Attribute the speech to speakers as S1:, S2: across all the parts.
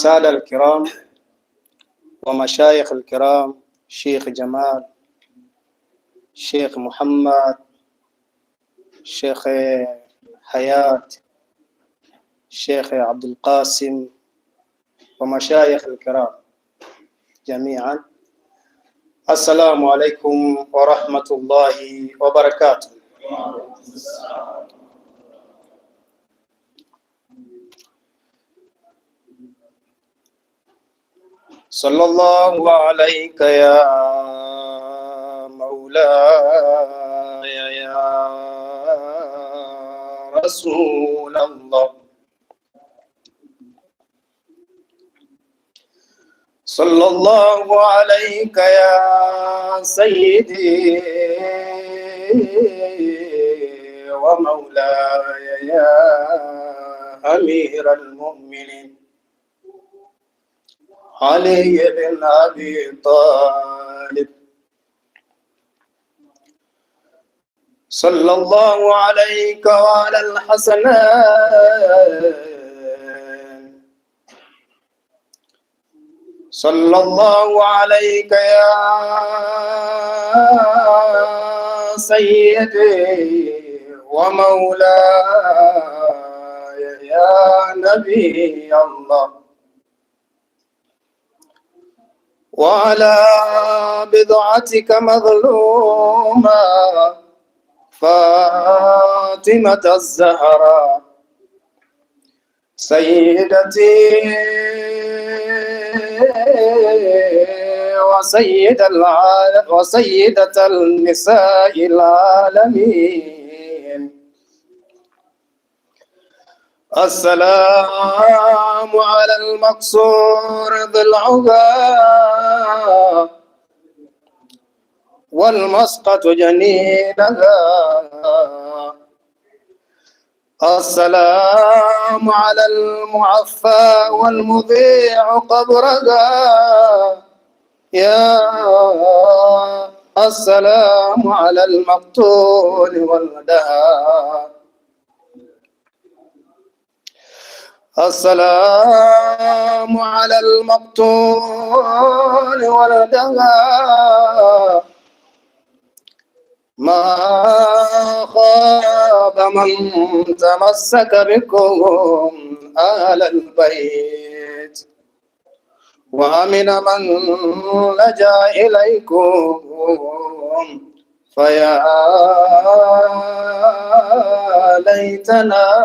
S1: السادة الكرام ومشايخ الكرام شيخ جمال شيخ محمد شيخ حياة شيخ عبد القاسم ومشايخ الكرام جميعا السلام عليكم ورحمة الله وبركاته صلى الله عليك يا مولاي يا رسول الله صلى الله عليك يا سيدي ومولاي يا أمير المؤمنين علي بن أبي طالب صلى الله عليك وعلى الحسن صلى الله عليك يا سيدي ومولاي يا نبي الله وعلى بضعتك مظلوما فاطمة الزهراء سيدتي وسيد العالم وسيدة النساء العالمين السلام على المقصور ذي العقى والمسقط جنينها السلام على المعفى والمضيع قبرها يا السلام على المقتول والدهار السلام على المقتول والدغى ما خاب من تمسك بكم أهل البيت وأمن من لجأ إليكم فيا ليتنا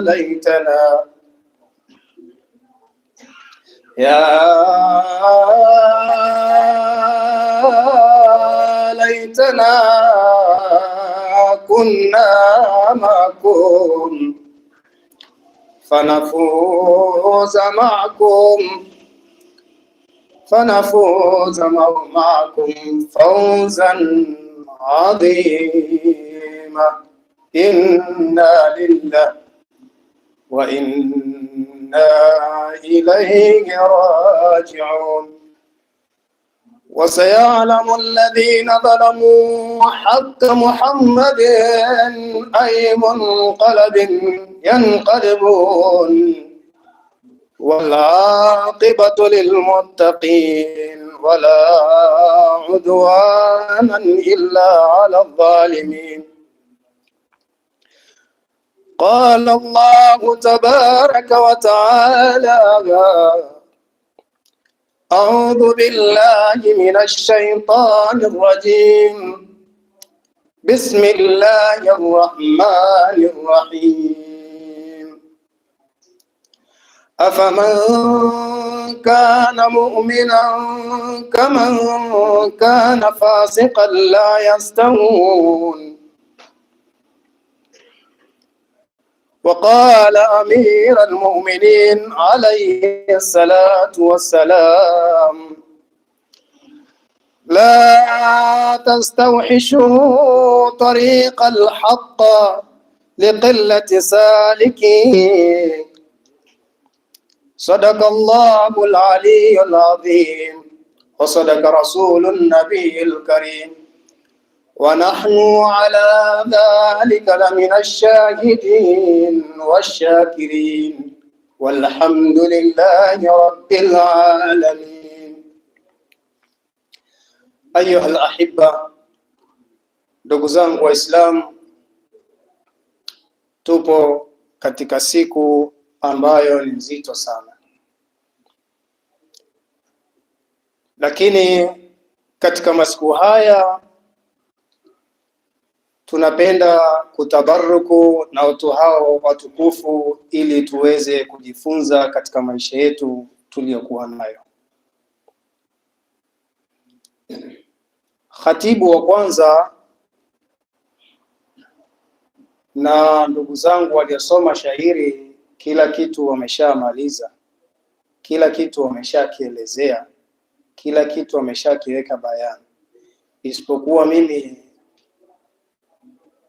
S1: ليتنا يا ليتنا كنا معكم فنفوز معكم فنفوز معكم فوزا عظيما إنا لله وإنا إليه راجعون وسيعلم الذين ظلموا حق محمد أي منقلب ينقلبون والعاقبة للمتقين ولا عدوانا إلا على الظالمين قال الله تبارك وتعالى أعوذ بالله من الشيطان الرجيم بسم الله الرحمن الرحيم أفمن كان مؤمنا كمن كان فاسقا لا يستوون وقال أمير المؤمنين عليه الصلاة والسلام لا تستوحشوا طريق الحق لقلة سالكه صدق الله العلي العظيم وصدق رسول النبي الكريم ونحن على ذلك لمن الشاهدين والشاكرين والحمد لله رب العالمين أيها الأحبة ndugu zangu Waislamu, tupo katika siku ambayo ni nzito sana, lakini katika masiku haya tunapenda kutabaruku na watu hao watukufu ili tuweze kujifunza katika maisha yetu tuliyokuwa nayo. Khatibu wa kwanza na ndugu zangu waliosoma shahiri kila kitu wameshamaliza, kila kitu wameshakielezea, kila kitu wameshakiweka bayana, isipokuwa mimi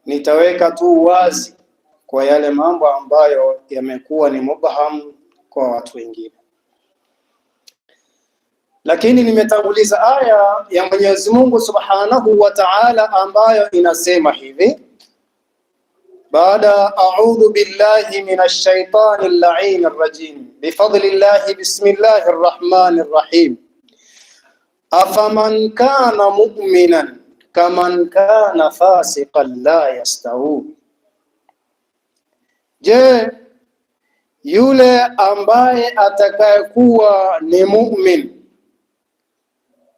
S1: Nitaweka tu wazi kwa yale mambo ambayo yamekuwa ni mubham kwa watu wengine, lakini nimetanguliza aya ya Mwenyezi Mungu Subhanahu wa Ta'ala ambayo inasema hivi baada a'udhu billahi minash shaitani llainir rajim bifadlillahi bismillahir rahmanir rahim afaman kana mu'minan kaman kana fasiqan la yastawi, je, yule ambaye atakayekuwa ni mu'min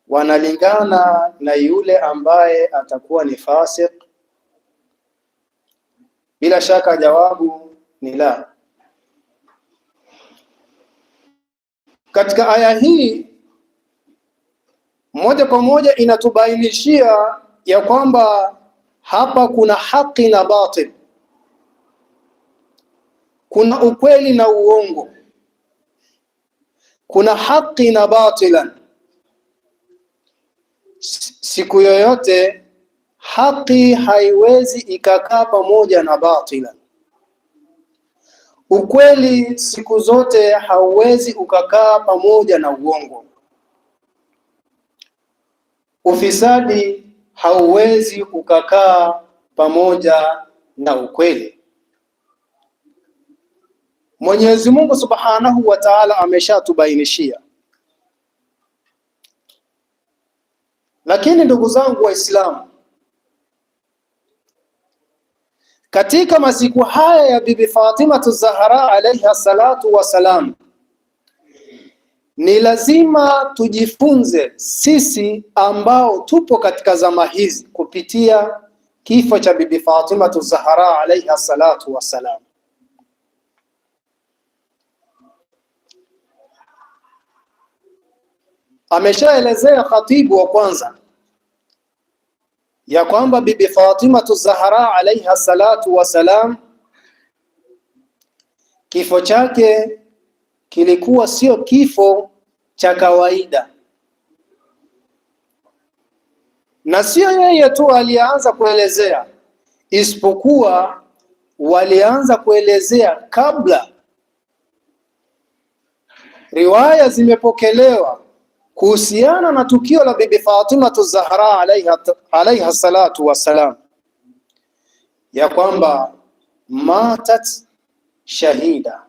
S1: wanalingana na yule ambaye atakuwa ni fasiq Bila shaka jawabu ni la. Katika aya hii moja kwa moja inatubainishia ya kwamba hapa kuna haki na batil, kuna ukweli na uongo, kuna haki na batilan. Siku yoyote haki haiwezi ikakaa pamoja na batilan. Ukweli siku zote hauwezi ukakaa pamoja na uongo. Ufisadi hauwezi ukakaa pamoja na ukweli. Mwenyezi Mungu Subhanahu wa Ta'ala ameshatubainishia. Lakini ndugu zangu Waislamu, katika masiku haya ya Bibi Fatima Zahra alayha salatu wassalam ni lazima tujifunze sisi ambao tupo katika zama hizi kupitia kifo cha Bibi Fatima Zahra alayha salatu wassalam. Ameshaelezea khatibu wa kwanza ya kwamba Bibi Fatima Zahra alayha salatu wassalam kifo chake kilikuwa sio kifo cha kawaida, na sio yeye tu alianza kuelezea, isipokuwa walianza kuelezea kabla. Riwaya zimepokelewa kuhusiana na tukio la Bibi Fatimatu Zahra alaiha, alaiha salatu wassalam ya kwamba matat shahida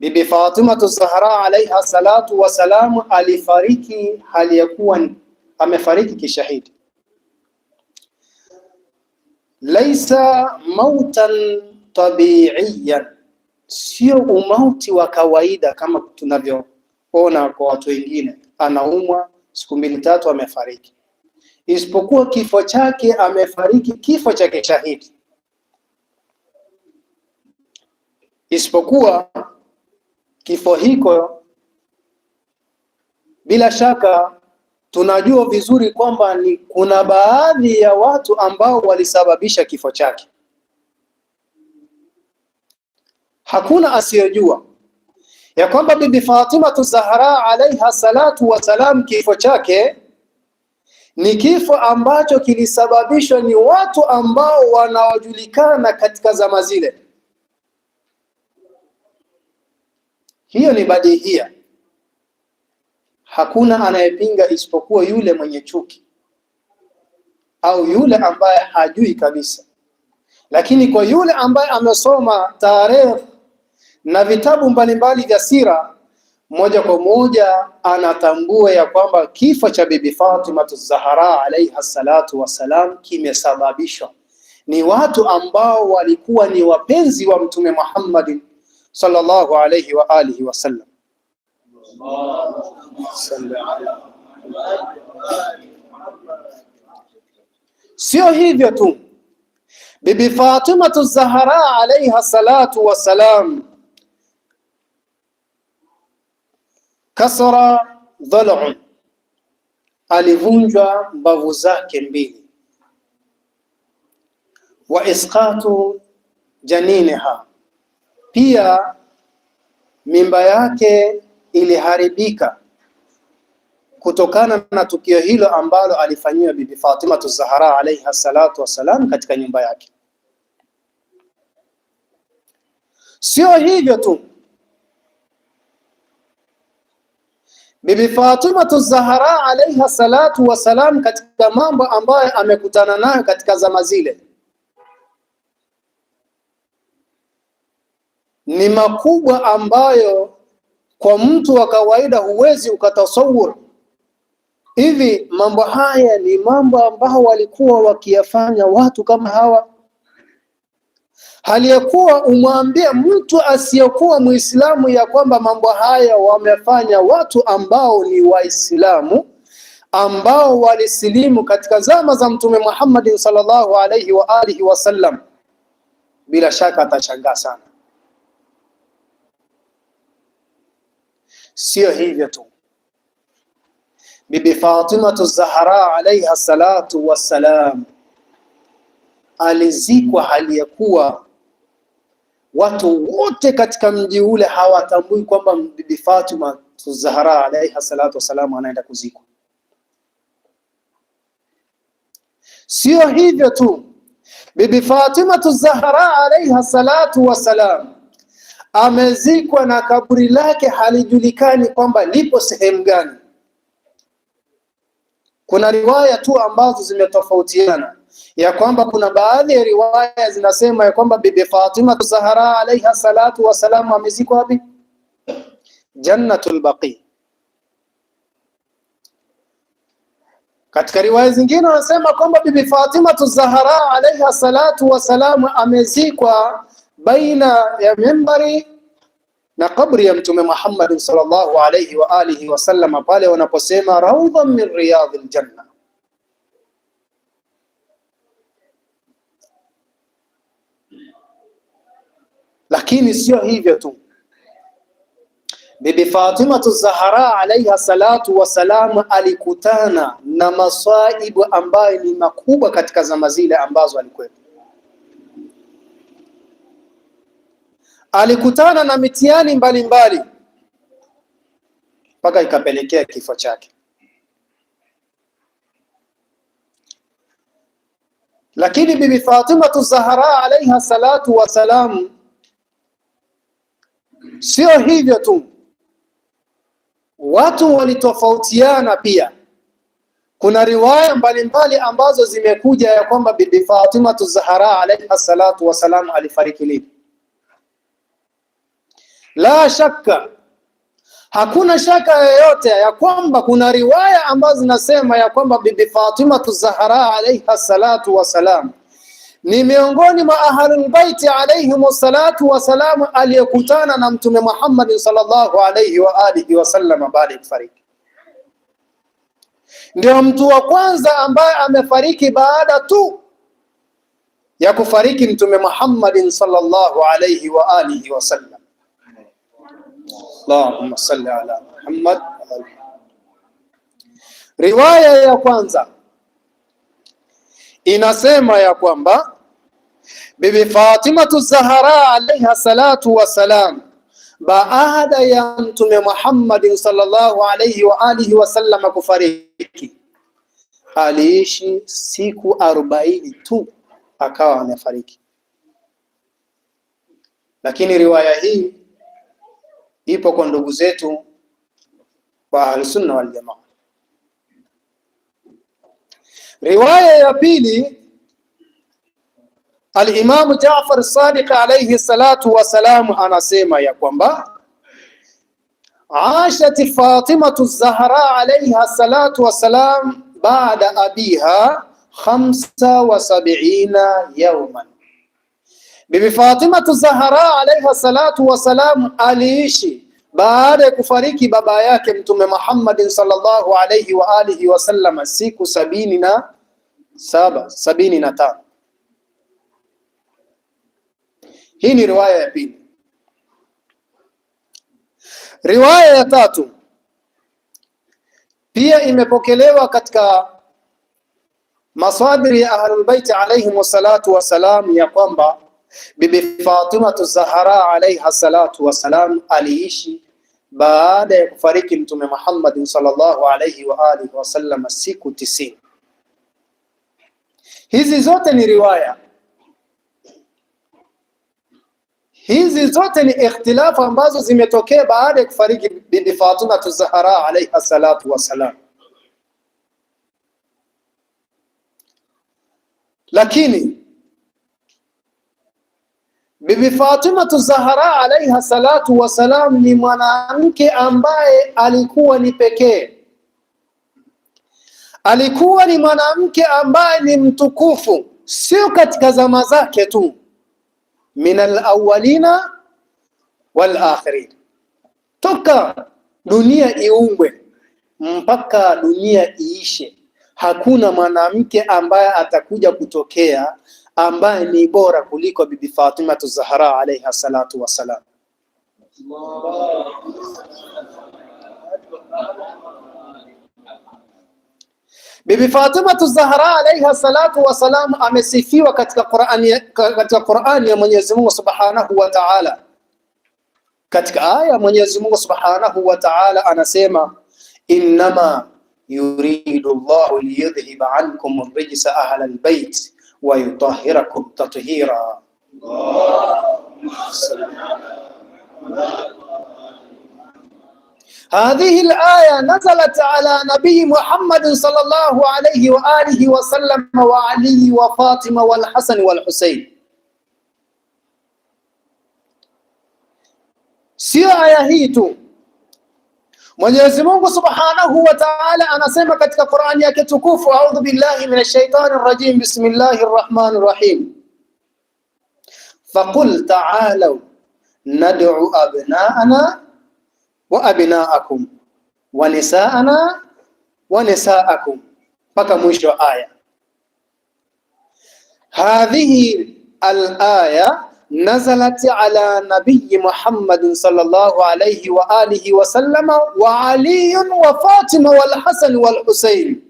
S1: Bibi Fatima Zahra alaiha salatu wasalamu alifariki hali ya kuwa amefariki kishahidi. Laisa mautan tabiiyan, sio umauti wa kawaida kama tunavyoona kwa watu wengine, anaumwa siku mbili tatu amefariki, isipokuwa kifo chake amefariki kifo cha kishahidi, isipokuwa Kifo hiko bila shaka tunajua vizuri kwamba ni kuna baadhi ya watu ambao walisababisha kifo chake. Hakuna asiyejua ya kwamba Bibi Fatimatu Zahra alaiha salatu wasalam, kifo chake ni kifo ambacho kilisababishwa ni watu ambao wanaojulikana katika zama zile Hiyo ni badihia, hakuna anayepinga isipokuwa yule mwenye chuki au yule ambaye hajui kabisa. Lakini kwa yule ambaye amesoma taarikh na vitabu mbalimbali vya sira, moja kwa moja anatambua ya kwamba kifo cha Bibi Fatima Zahara alaiha salatu wassalam kimesababishwa ni watu ambao walikuwa ni wapenzi wa Mtume Muhammadin صلى الله عليه وآله وسلم سيو هيفيو تو بيبي فاطمة الزهراء عليها الصلاة والسلام كسر ضلع alivunjwa mbavu zake mbili wa iskatu janiniha Pia mimba yake iliharibika kutokana na tukio hilo ambalo alifanyiwa Bibi Fatima Zahra alayha salatu wassalam katika nyumba yake. Sio hivyo tu, Bibi Fatima Zahra alayha salatu wassalam, katika mambo ambayo amekutana nayo katika zama zile ni makubwa ambayo kwa mtu wa kawaida huwezi ukatasawur. Hivi mambo haya ni mambo ambao walikuwa wakiyafanya watu kama hawa, hali ya kuwa umwambie mtu asiyekuwa Muislamu ya kwamba mambo haya wamefanya watu ambao ni Waislamu ambao walisilimu katika zama za Mtume Muhammad sallallahu alaihi wa alihi wasallam, bila shaka atashangaa sana. Sio hivyo tu, Bibi Fatimatu Zahra alaiha salatu wassalam alizikwa hali ya kuwa watu wote katika mji ule hawatambui kwamba Bibi Fatima Zahra alaiha salatu wassalam anaenda kuzikwa. Sio hivyo tu, Bibi Fatimatu Zahra alaiha salatu wassalam amezikwa na kaburi lake halijulikani kwamba lipo sehemu gani. Kuna riwaya tu ambazo zimetofautiana ya kwamba kuna baadhi ya riwaya zinasema ya kwamba Bibi Fatima Zahra alaiha salatu wassalamu amezikwa wapi? Jannatul Baqi. Katika riwaya zingine wanasema kwamba Bibi Fatima Zahra alaiha salatu wassalamu amezikwa baina ya mimbari na kabri ya Mtume Muhammad sallallahu alayhi wa alihi sallam, pale wanaposema raudha min riyadhil janna. Lakini sio hivyo tu, Bibi Fatimatu Zahra alaiha salatu wasalam alikutana na masaibu ambayo ni makubwa katika zama zile ambazo alikwepo alikutana na mitihani mbalimbali mpaka ikapelekea kifo chake. Lakini Bibi Fatimatu Zahra alaiha salatu wassalam, sio hivyo tu, watu walitofautiana pia. Kuna riwaya mbalimbali ambazo zimekuja ya kwamba Bibi Fatimatu Zahra alaiha salatu wassalam alifariki lini la shakka, hakuna shaka yoyote ya kwamba kuna riwaya ambazo zinasema ya kwamba Bibi Fatima Zahra alaiha salatu wasalam ni miongoni mwa ahlul baiti alayhim wassalatu wassalamu aliyekutana na Mtume Muhammad sallallahu alayhi wa alihi wasallam baada ya kufariki. Ndio mtu wa kwanza ambaye amefariki baada tu ya kufariki Mtume Muhammad sallallahu alayhi wa alihi wasallam. Allahumma salli ala Muhammad. Riwaya ya kwanza inasema ya kwamba Bibi Fatimatu Zahara alaiha salatu wassalam baada ya Mtume Muhammadin sallallahu alaihi wa alihi wasallam kufariki aliishi siku arobaini tu akawa amefariki, lakini riwaya hii ipo kwa ndugu zetu wa Ahlusunna Waljamaa. Riwaya ya pili, Alimamu Jafar Sadiq alayhi salatu wassalamu anasema ya kwamba ashat Fatimatu Zahra alayha salatu wassalam baada abiha khamsa wa Bibi Fatima Zahara alayha salatu wassalam aliishi baada ya kufariki baba yake Mtume Muhammadin sallallahu alaihi wa alihi wasallam siku sabini na saba sabini na tano. Hii ni riwaya ya pili. Riwaya ya tatu pia imepokelewa katika maswadiri ya Ahlulbaiti alaihim wassalatu wasalam ya kwamba Bibi Fatima Zahara alaiha salatu salam aliishi baada ya kufariki Mtume Muhammad sallallahu alaihi wa alihi sallam siku tisini. Hizi zote ni riwaya, hizi zote ni ikhtilafu ambazo zimetokea baada ya kufariki Bibi Fatima Zahara alaiha salatu salam. lakini Bibi Fatima Zahara alaiha salatu wassalam ni mwanamke ambaye alikuwa ni pekee, alikuwa ni mwanamke ambaye ni mtukufu, sio katika zama zake tu, min alawalina walakhirin, toka dunia iumbwe mpaka dunia iishe, hakuna mwanamke ambaye atakuja kutokea ambaye ni bora kuliko Bibi Fatima Zahra alayha salatu wassalam. Bibi Fatima Zahra alayha salatu wassalam amesifiwa katika Qur'ani, katika Qur'ani ya Mwenyezi Mungu Subhanahu wa Ta'ala. Katika aya Mwenyezi Mungu Subhanahu wa Ta'ala anasema innama yuridu Allahu liyudhhiba ankum rijsa ahlal bait ويطهركم تطهيرا هذه الآية نزلت على نبي محمد صلى الله عليه وآله وسلم وعلي وفاطمة والحسن والحسين سيرة aya hii Mwenyezi Mungu Subhanahu wa Ta'ala anasema katika Qur'ani yake tukufu, a'udhu billahi minash shaitani rajim, bismillahir rahmanir rahim, faqul ta'alu nad'u abna'ana wa abna'akum wa nisa'ana wa nisa'akum, mpaka mwisho aya. Hadhihi al-aya nazalat ala nabiyi Muhammadin sallallahu alayhi wa alihi wa sallama wa aliyun wa Fatima wal Hasan wal Husayn.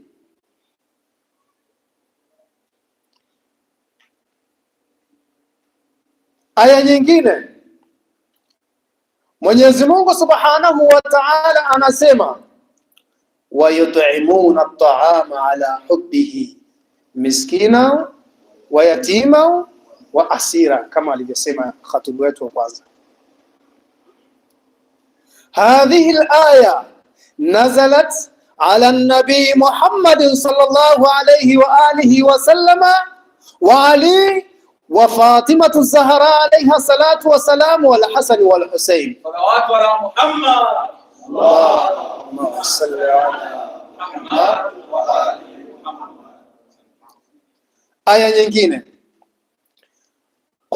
S1: Aya nyingine Mwenyezi Mungu Subhanahu wa Ta'ala anasema wayut'imuna at'ama ala hubbihi miskina wa wa asira kama alivyosema khatibu wetu wa kwanza. Hadhihi alaya nazalat ala nabi Muhammad sallallahu alayhi wa alihi wa sallama wa ali wa Fatimatu Zahra alayha salatu wa salam wal Hasan wal Husayn. Salawat ala Muhammad. Allahumma salli ala Muhammad wa ali Muhammad. Aya nyingine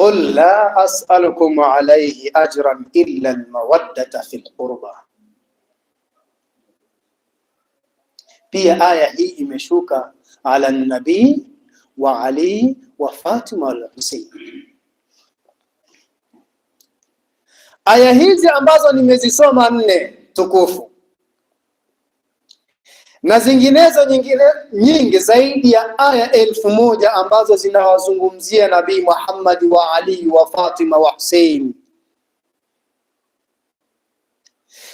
S1: قل لا أسألكم عليه أجرا إلا المودة في القربى بيا آية هي مشوكة على النبي وعلي وفاطمة الحسين آية هي زي أمبازو نمزي سوما تكوفو na zinginezo nyingine nyingi zaidi ya aya elfu moja ambazo zinawazungumzia Nabii Muhammad wa Ali wa Fatima wa Hussein.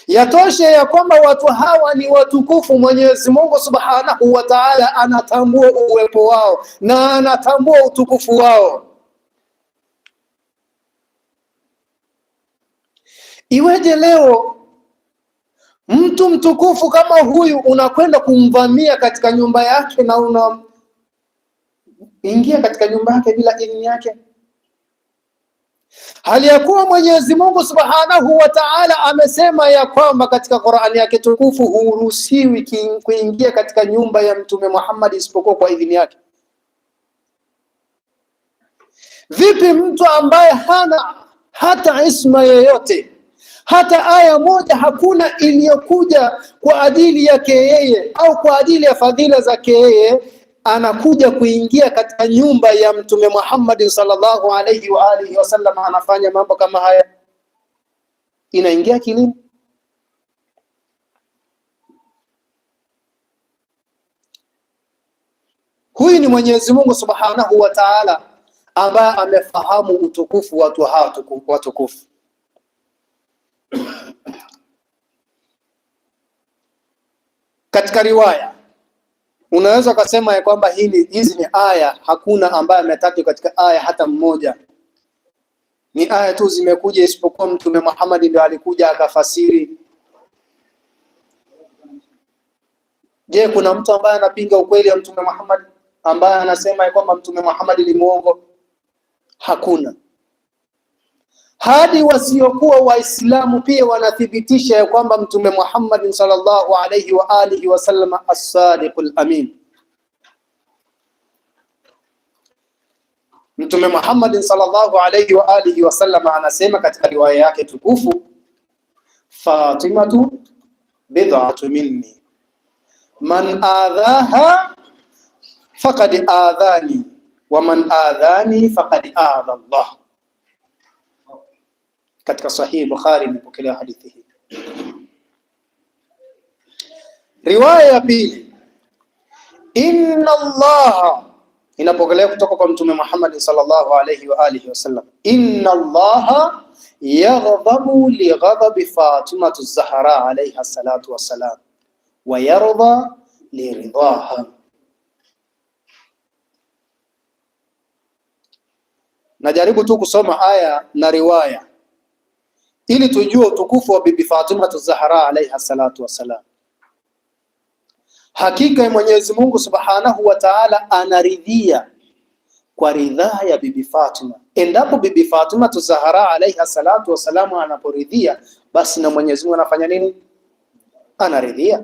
S1: Yatoshe ya kwamba watu hawa ni watukufu. Mwenyezi Mungu Subhanahu wa Ta'ala anatambua uwepo wao na anatambua utukufu wao. Iweje leo Mtu mtukufu kama huyu unakwenda kumvamia katika nyumba yake na unaingia katika nyumba yake bila idhini yake, hali ya kuwa Mwenyezi Mungu Subhanahu wa Ta'ala amesema ya kwamba katika Qur'ani yake tukufu huruhusiwi kuingia katika nyumba ya Mtume Muhammad isipokuwa kwa idhini yake. Vipi mtu ambaye hana hata isma yeyote hata aya moja hakuna iliyokuja kwa ajili yake yeye au kwa ajili ya fadhila zake yeye, anakuja kuingia katika nyumba ya Mtume Muhammad sallallahu alayhi wa alihi wasallam, anafanya mambo kama haya, inaingia kilimo Huyu ni Mwenyezi Mungu Subhanahu wa Ta'ala ambaye amefahamu utukufu watu hawa watukufu katika riwaya unaweza ukasema ya kwamba hili hizi ni aya, hakuna ambaye ametajwa katika aya hata mmoja, ni aya tu zimekuja, isipokuwa Mtume Muhammad ndio alikuja akafasiri. Je, kuna mtu ambaye anapinga ukweli wa Mtume Muhammad ambaye anasema ya kwamba Mtume Muhammad ni mwongo Hakuna hadi wasiokuwa Waislamu pia wanathibitisha ya kwamba Mtume Muhammad sallallahu alayhi wa alihi wasallam as-sadiqul amin. Mtume Muhammad sallallahu alayhi wa alihi wasallam anasema katika riwaya yake tukufu, Fatimatu bid'atu minni man adhaha faqad adhani wa man adhani faqad adha Allah katika Sahihi Bukhari imepokelewa hadithi hii. Riwaya ya pili, inna Allah inapokelewa kutoka kwa Mtume Muhammad sallallahu alayhi wa alihi wasallam, inna Allah yaghdhabu li ghadabi Fatima az-Zahra alayha salatu wassalam wa yarda li ridaha Najaribu tu kusoma aya na riwaya ili tujue utukufu wa Bibi Fatima Zahra alayha salatu wassalam. Hakika Mwenyezi Mungu Subhanahu wa Ta'ala anaridhia kwa ridhaa ya Bibi Fatima. Endapo Bibi Fatima Zahra alayha salatu wassalam anaporidhia, basi na Mwenyezi Mungu anafanya nini? Anaridhia.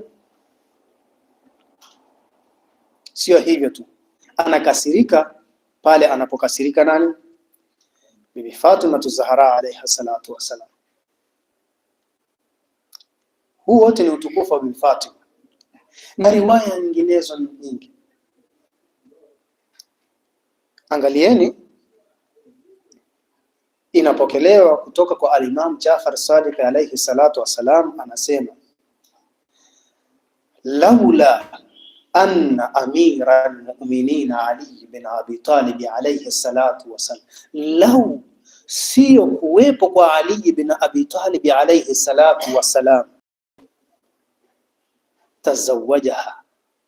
S1: Sio hivyo tu, anakasirika pale anapokasirika nani? Bibi Fatima Zahra alayha salatu wassalam. Huu wote ni utukufu wa Bin na riwaya nyinginezo ni nyingi. Angalieni, inapokelewa kutoka kwa Alimam Jafar Sadiq alayhi salatu wassalam, anasema laula anna amira almuminina Ali bin Abi Talib alayhi salatu wassalam, lau, siyo kuwepo kwa Ali bin Abi Talib alayhi salatu wassalam tazawajaha,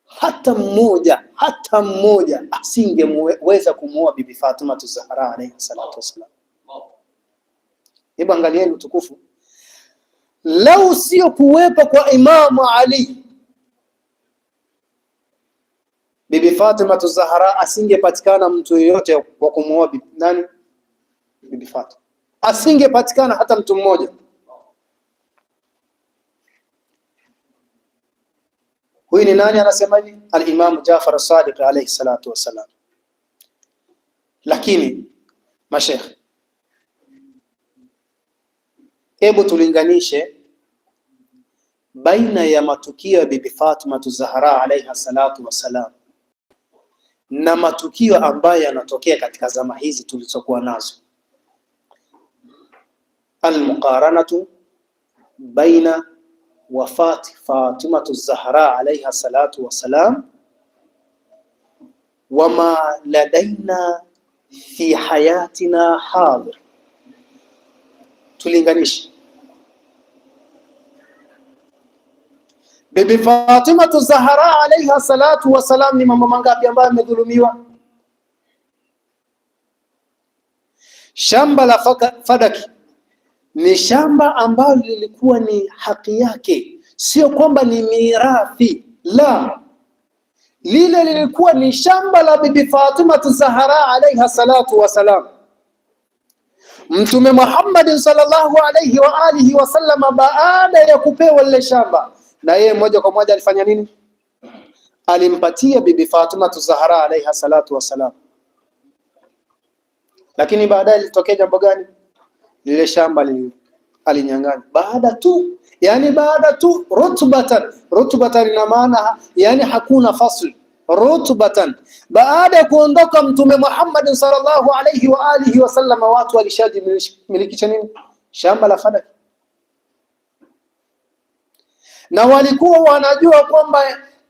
S1: hata mmoja hata mmoja asingeweza kumuoa Bibi Fatuma Zahra alayhi salatu wasalam. Hebu angalieni utukufu, lau sio kuwepo kwa Imamu Ali, Bibi Fatima Zahra asingepatikana mtu yeyote wa kumuoa nani? Bibi Fatima asingepatikana hata mtu mmoja. Huyu ni nani? hivi? Al-Imam Jafar Sadiq alayhi salatu wasalam. Lakini mashekh, hebu tulinganishe baina ya matukio ya Bibi Fatima Zahra alayha salatu wasalam na matukio ambayo yanatokea katika zama hizi tulizokuwa nazo. Almuqaranatu baina wafati Fatimatu Zahra alaiha salatu wassalam, wama ladaina fi hayatina hadhir. Tulinganishe Bibi Fatimatu Zahra alaiha salatu wassalam, ni mambo mangapi ambayo amedhulumiwa? Shamba la Fadaki ni shamba ambalo lilikuwa ni haki yake, sio kwamba ni mirathi la lile lilikuwa ni shamba la Bibi Fatima Zahara alaiha salatu wasalam. Mtume Muhammad sallallahu alaihi wa alihi wasallam, baada ya kupewa lile shamba, na yeye moja kwa moja alifanya nini? Alimpatia Bibi Fatima Zahara alaiha salatu wasalam. Lakini baadaye litokea jambo gani? lile shamba alinyangana baada tu, yani baada tu rutbatan. Rutbatan ina maana yani hakuna fasl rutbatan. Baada ya kuondoka Mtume Muhammad sallallahu alayhi wa alihi wasallam, watu walishajimilikisha nini? Shamba la Fadak, na walikuwa wanajua kwamba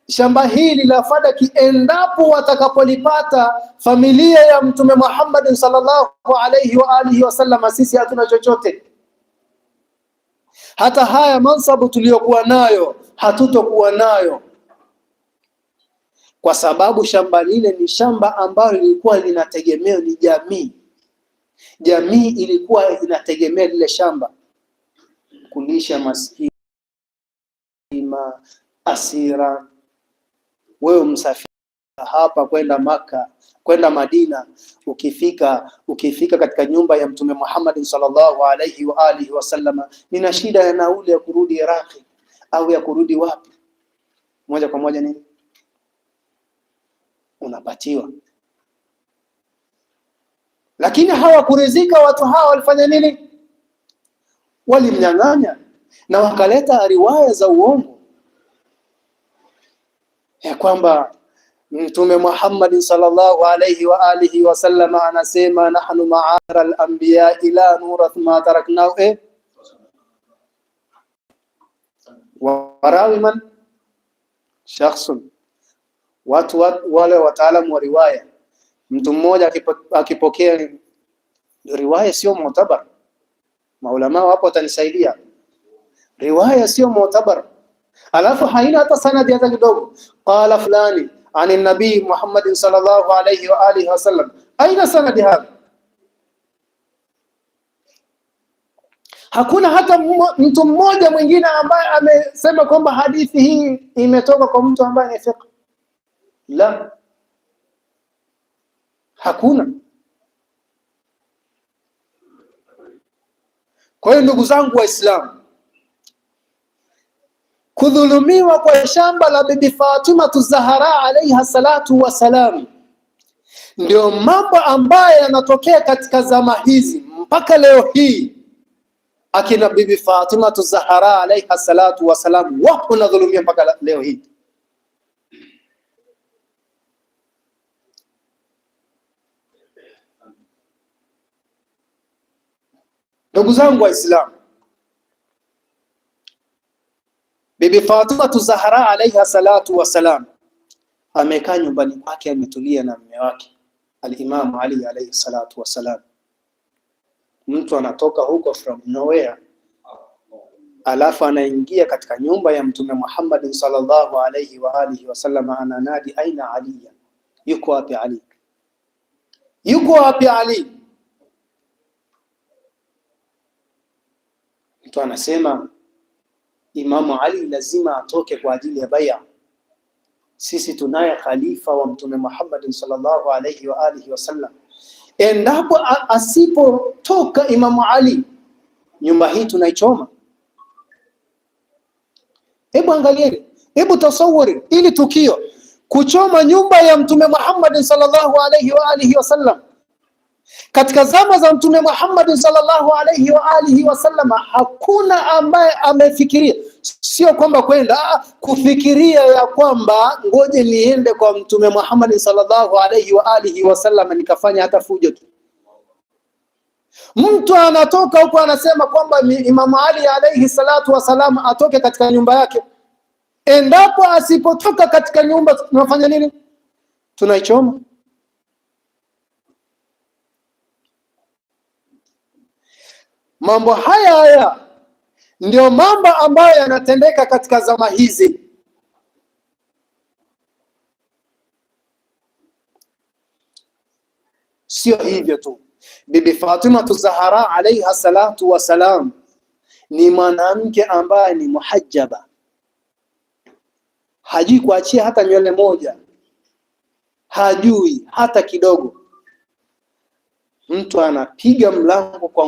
S1: shamba hili la Fadaki, endapo watakapolipata familia ya Mtume Muhammad sallallahu alaihi wa alihi wasallam, sisi hatuna chochote. Hata haya mansabu tuliyokuwa nayo hatutokuwa nayo, kwa sababu shamba lile ni shamba ambalo lilikuwa linategemea ni jamii. Jamii ilikuwa inategemea lile shamba kulisha maskini, asira wewe msafiri hapa kwenda Maka kwenda Madina, ukifika ukifika katika nyumba ya Mtume Muhammad sallallahu alaihi wa alihi wasallama, nina shida ya nauli ya kurudi Iraqi au ya kurudi wapi, moja kwa moja nini unapatiwa. Lakini hawakuridhika watu hawa, walifanya nini? Walimnyang'anya na wakaleta riwaya za uongo ya kwamba Mtume Muhammad sallallahu alayhi wa alihi wa sallam anasema nahnu ma'ara al-anbiya ila nurath ma tarakna eh? warawi man shakhsun, watu wale wataalamu wa riwaya. Mtu mmoja akipokea riwaya sio mu'tabar, maulama wapo watanisaidia, riwaya sio mu'tabar alafu haina hata sanadi hata kidogo. Qala fulani ani nabii Muhammadin sallallahu alayhi wa alihi wasallam, aina sanadi hadha? Hakuna hata mtu mmoja mwingine ambaye amesema kwamba hadithi hii imetoka kwa mtu ambaye ni fiqh. La, hakuna. Kwa hiyo ndugu zangu Waislamu kudhulumiwa kwa shamba la bibi Fatima Zahara alaiha salatu wassalam, ndio mambo ambayo yanatokea katika zama hizi mpaka leo hii. Akina bibi Fatima Tuzahara alaiha salatu wassalam wapo nadhulumia mpaka leo hii. Ndugu zangu Waislamu, Bibi Fatima Zahra alaiha salatu wasalam amekaa nyumbani kwake ametulia na mume wake Al-Imam Ali alaihi salatu wassalam. Mtu anatoka huko from nowhere alafu anaingia katika nyumba ya Mtume Muhammad sallallahu alaihi wa alihi wasallam, ananadi aina Ali, yuko wapi Ali, yuko wapi Ali? Mtu anasema Imamu Ali lazima atoke kwa ajili ya baya. Sisi tunaye khalifa wa Mtume Muhammad sallallahu alayhi wa alihi wasallam. Endapo asipotoka Imamu Ali, nyumba hii tunaichoma. Hebu angalieni, hebu tasawuri ili tukio kuchoma nyumba ya Mtume Muhammad sallallahu alayhi wa alihi wasallam katika zama za Mtume Muhammad sallallahu alaihi wa alihi wasallama, hakuna ambaye amefikiria, sio kwamba kwenda kufikiria ya kwamba ngoje niende kwa Mtume Muhammad sallallahu alaihi wa alihi wasallama nikafanya hata fujo tu. Mtu anatoka huko anasema kwamba Imam Ali alaihi salatu wasalam atoke katika nyumba yake, endapo asipotoka katika nyumba tunafanya nini? Tunaichoma. Mambo haya haya ndio mambo ambayo yanatendeka katika zama hizi. Sio hivyo tu, Bibi Fatimatu Zahara alaiha salatu wassalam ni mwanamke ambaye ni muhajjaba, hajui kuachia hata nywele moja, hajui hata kidogo. Mtu anapiga mlango kwa